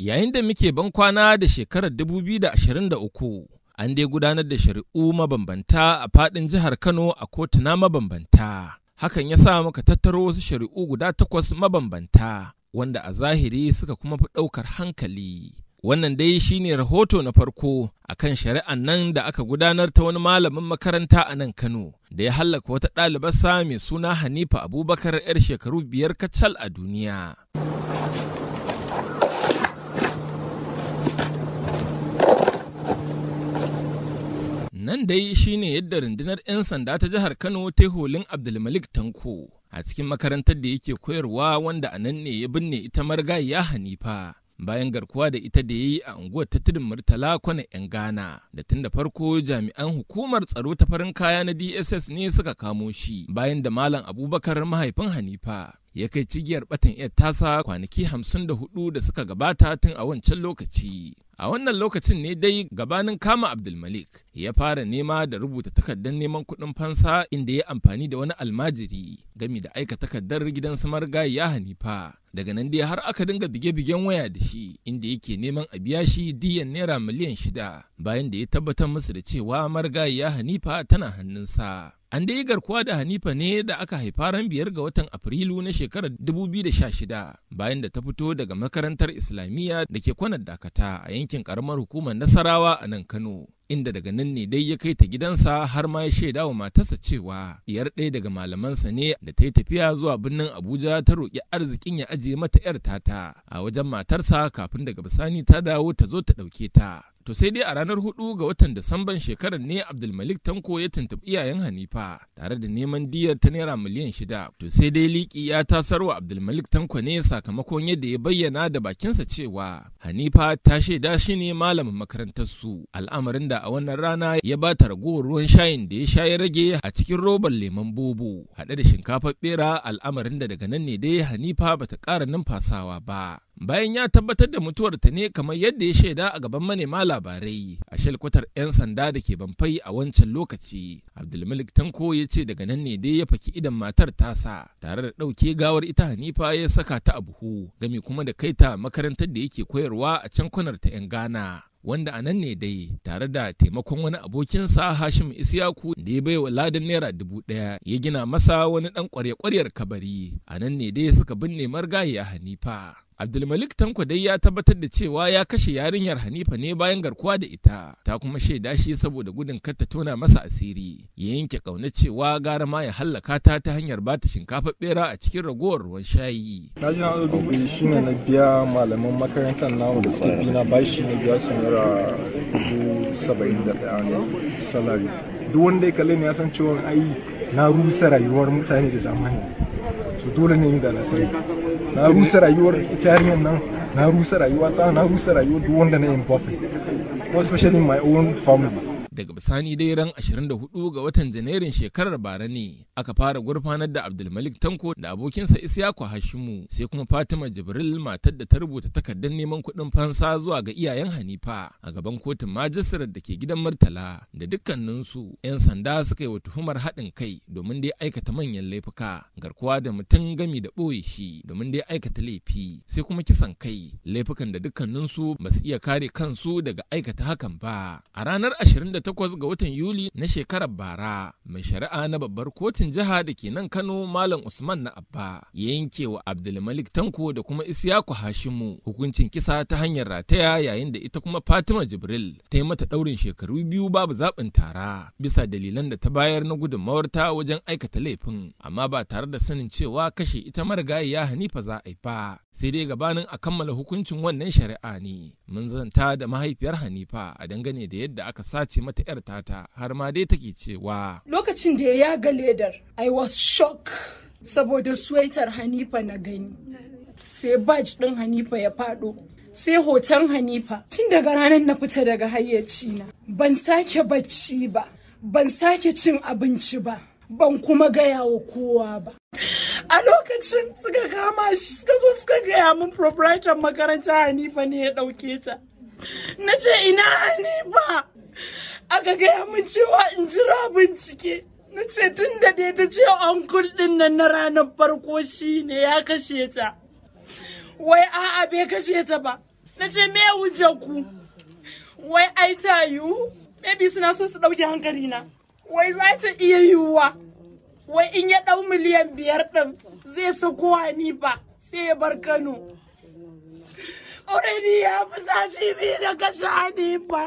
Yayin da muke ban kwana da shekarar 2023, an dai gudanar da shari'u mabambanta a faɗin jihar Kano a kotuna mabambanta. Hakan ya sa muka tattaro wasu shari'u guda takwas mabambanta, wanda a zahiri suka kuma fi ɗaukar hankali. Wannan dai shine rahoto na farko akan shari'an nan da aka gudanar ta wani malamin makaranta a nan Kano da ya hallaka wata ɗalibarsa mai suna Hanifa Abubakar 'yar shekaru biyar kacal a duniya. Nan dai ne yadda rundunar 'yan sanda ta jihar Kano ta holin Abdulmalik Tanko a cikin makarantar da yake koyarwa wanda a nan ne ya binne ita margayya Hanifa. Bayan garkuwa da ita da ya yi a unguwar ta tudun Murtala kwana 'yan Ghana da tun da farko jami'an hukumar tsaro ta farin kaya na DSS ne suka kamo shi bayan da Malam Abubakar mahaifin Hanifa ya kai cigiyar batan iya tasa kwanaki hamsin da hudu da suka gabata tun a wancan lokaci. A wannan lokacin ne dai gabanin kama Abdulmalik ya fara nema da rubuta takardar neman kuɗin fansa inda ya amfani da wani almajiri gami da aika takardar gidan samar ya hanifa. Daga nan dai har aka dinga bige-bigen waya da shi inda yake neman a biya shi diyan naira miliyan shida bayan da ya tabbatar musu da cewa marga ya hanifa tana hannunsa. An dai garkuwa da Hanifa ne da aka haifa ran biyar ga watan Afrilu na shekarar 2016 bayan da ta fito daga makarantar Islamiyya da ke kwanar dakata a yankin karamar hukumar Nasarawa a nan Kano. Inda daga nan ne dai ya kai ta gidansa har ma ya shaida wa matarsa cewa diyar ɗaya daga malamansa ne da ta yi tafiya zuwa birnin Abuja ta roƙi arzikin ya ajiye mata 'yar tata a wajen matarsa kafin daga bisani ta dawo ta zo ta ɗauke ta. To sai dai a ranar hudu ga watan Disamban shekarar ne Abdulmalik Tanko ya tuntuɓi iyayen Hanifa tare da neman diyar ta naira miliyan shida. To sai dai liki ya tasar wa Abdulmalik Tanko ne sakamakon yadda ya bayyana da bakinsa cewa Hanifa ta shaida shi ne malamin makarantar su. Al'amarin da a wannan rana ya ba ta ragowar ruwan shayin da ya sha ya rage a cikin robar lemon bobo haɗe da shinkafar bera al'amarin da daga nan ne dai Hanifa bata ƙara numfasawa ba. bayan ya tabbatar da mutuwar ta ne kamar yadda ya shaida a gaban manema labarai a shalkwatar 'yan sanda da ke banfai a wancan lokaci abdulmalik tanko ya ce daga nan ne dai ya faki idan matar tasa tare da ɗauke gawar ita hanifa ya saka ta a buhu gami kuma da kai ta makarantar da yake koyarwa a can kwanar ta 'yan ghana wanda a ne dai tare da taimakon wani abokinsa hashim isyaku da ya baiwa ladan naira dubu ɗaya ya gina masa wani ɗan kwarya-kwaryar kabari a nan ne dai suka binne margayi a hanifa Abdulmalik Tanko dai ya tabbatar da cewa ya kashe yarinyar Hanifa ne bayan garkuwa da ita, ta kuma shaida shi saboda gudun kar ta tona masa asiri, ya yanke kauna cewa gara ma ya hallaka ta ta hanyar bata shinkafa bera a cikin ragowar ruwan shayi. Na ji na dubu shi ne na biya malaman makarantar na wanda suke bi na bashi na biya su nura dubu saba'in da ɗaya salari. Duk wanda ya kalle ni ya san cewa ai na rusa rayuwar mutane da dama ne. So dole ne ni da na na rusa rayuwar ita yarinyar nan na rusa rayuwa ta na rusa rayuwar duk wanda na involve especially my own family daga bisani dai ran 24 ga watan janairun shekarar bara ne aka fara gurfanar da abdulmalik tanko da abokinsa isyaku hashimu sai kuma fatima jibril matar da ta rubuta takardar neman kuɗin fansa zuwa ga iyayen hanifa a gaban kotun majistarar da ke gidan murtala da dukkaninsu 'yan sanda suka yi wa tuhumar haɗin kai domin dai aikata manyan laifuka garkuwa da mutum gami da ɓoye shi domin dai aikata laifi sai kuma kisan kai laifukan da dukkaninsu ba su iya kare kansu daga aikata hakan ba a ranar 28 takwas ga watan Yuli na shekarar bara. Mai shari'a na babbar kotun jiha da ke nan Kano Malam Usman na Abba ya yanke wa Abdulmalik Tanko da kuma Isiyaku Hashimu hukuncin kisa ta hanyar rataya yayin da ita kuma Fatima Jibril ta yi mata ɗaurin shekaru biyu babu zaɓin tara bisa dalilan da ta bayar na ta wajen aikata laifin amma ba tare da sanin cewa kashe ita marigayi ya Hanifa za a yi ba sai dai gabanin a kammala hukuncin wannan shari'a ne. mun zanta da mahaifiyar Hanifa a dangane da yadda aka sace mata 'yar tata har ma dai take cewa. Lokacin da ya ga ledar, I was shock saboda sweater Hanifa na gani. Sai baj ɗin Hanifa ya faɗo. Sai hoton Hanifa tun daga ranar na fita daga hayyaci na. Ban sake bacci ba, ban sake cin abinci ba, ban kuma gaya wa kowa ba. a lokacin suka kama shi suka zo suka gaya min proprietor makaranta hanifa ne ya ɗauke ta na ce ina hanifa aka gaya min cewa in jira bincike na ce tun da dai ta ce onkul ɗin nan na ranar farko shi ne ya kashe ta wai a'a bai kashe ta ba na ce me wuce ku wai ai ta yiwu maybe suna so su ɗauki hankali na wai za ta iya yiwuwa wai in ya ɗau miliyan biyar ɗin zai sako hanifa sai ya bar kano already ya fi sati biyu da kashe hanifa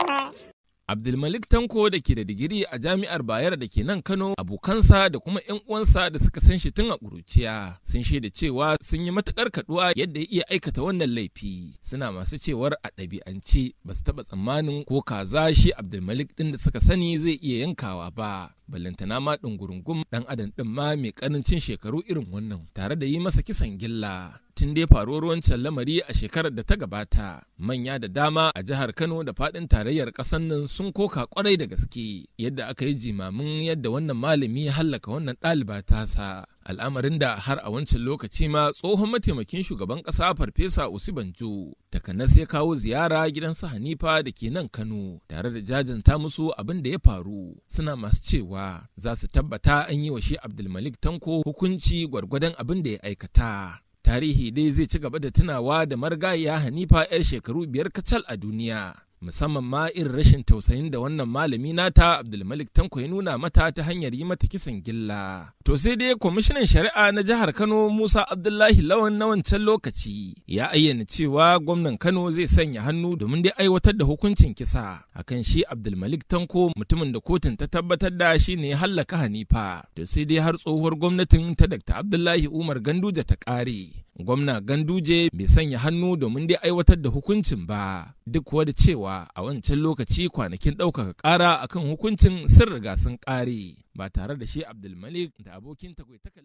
Abdulmalik Tanko da ke da digiri a jami'ar Bayero da ke nan Kano abokansa da kuma 'yan uwansa da suka san shi tun a ƙuruciya sun shaida cewa sun yi matuƙar kaɗuwa yadda ya iya aikata wannan laifi suna masu cewar a ɗabi'ance ba su taɓa tsammanin ko kaza shi Abdulmalik ɗin da suka sani zai iya yankawa ba. ballantana ma ɗungurungum ɗan adam ɗin ma mai ƙarancin shekaru irin wannan tare da yi masa kisan gilla tun dai faruwar wancan lamari a shekarar da ta gabata manya da dama a jihar kano da fadin tarayyar ƙasar nan sun koka kwarai da gaske yadda aka yi jimamin yadda wannan malami ya hallaka wannan ɗaliba tasa al'amarin da har a wancan lokaci ma tsohon mataimakin shugaban ƙasa farfesa usibanjo takanas ya kawo ziyara gidan su hanifa da ke nan kano tare da jajanta musu abin da ya faru suna masu cewa za su tabbata an yi wa shi abdulmalik tanko hukunci gwargwadon abin da ya aikata tarihi dai zai ci gaba da tunawa da margayya hanifa 'yar shekaru biyar kacal a duniya musamman ma irin rashin tausayin da wannan malami nata Abdulmalik Tanko ya nuna mata ta hanyar yi mata kisan gilla. To sai dai kwamishinan shari'a na jihar Kano Musa Abdullahi Lawan na wancan lokaci ya ayyana cewa gwamnan Kano zai sanya hannu domin dai aiwatar da hukuncin kisa akan shi Abdulmalik Tanko mutumin da kotun ta tabbatar da shi ne hallaka Hanifa. To sai dai har tsohuwar gwamnatin ta Dr. Abdullahi Umar Ganduja ta ƙare. gwamna ganduje bai sanya hannu domin dai aiwatar da hukuncin ba duk kuwa da cewa a wancan lokaci kwanakin ɗaukaka ƙara akan hukuncin sun riga sun ƙare ba tare da shi abdulmalik da abokin takwai ta